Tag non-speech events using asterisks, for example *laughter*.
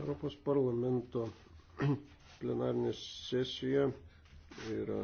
Europos parlamento *clears throat* plenarinė sesija yra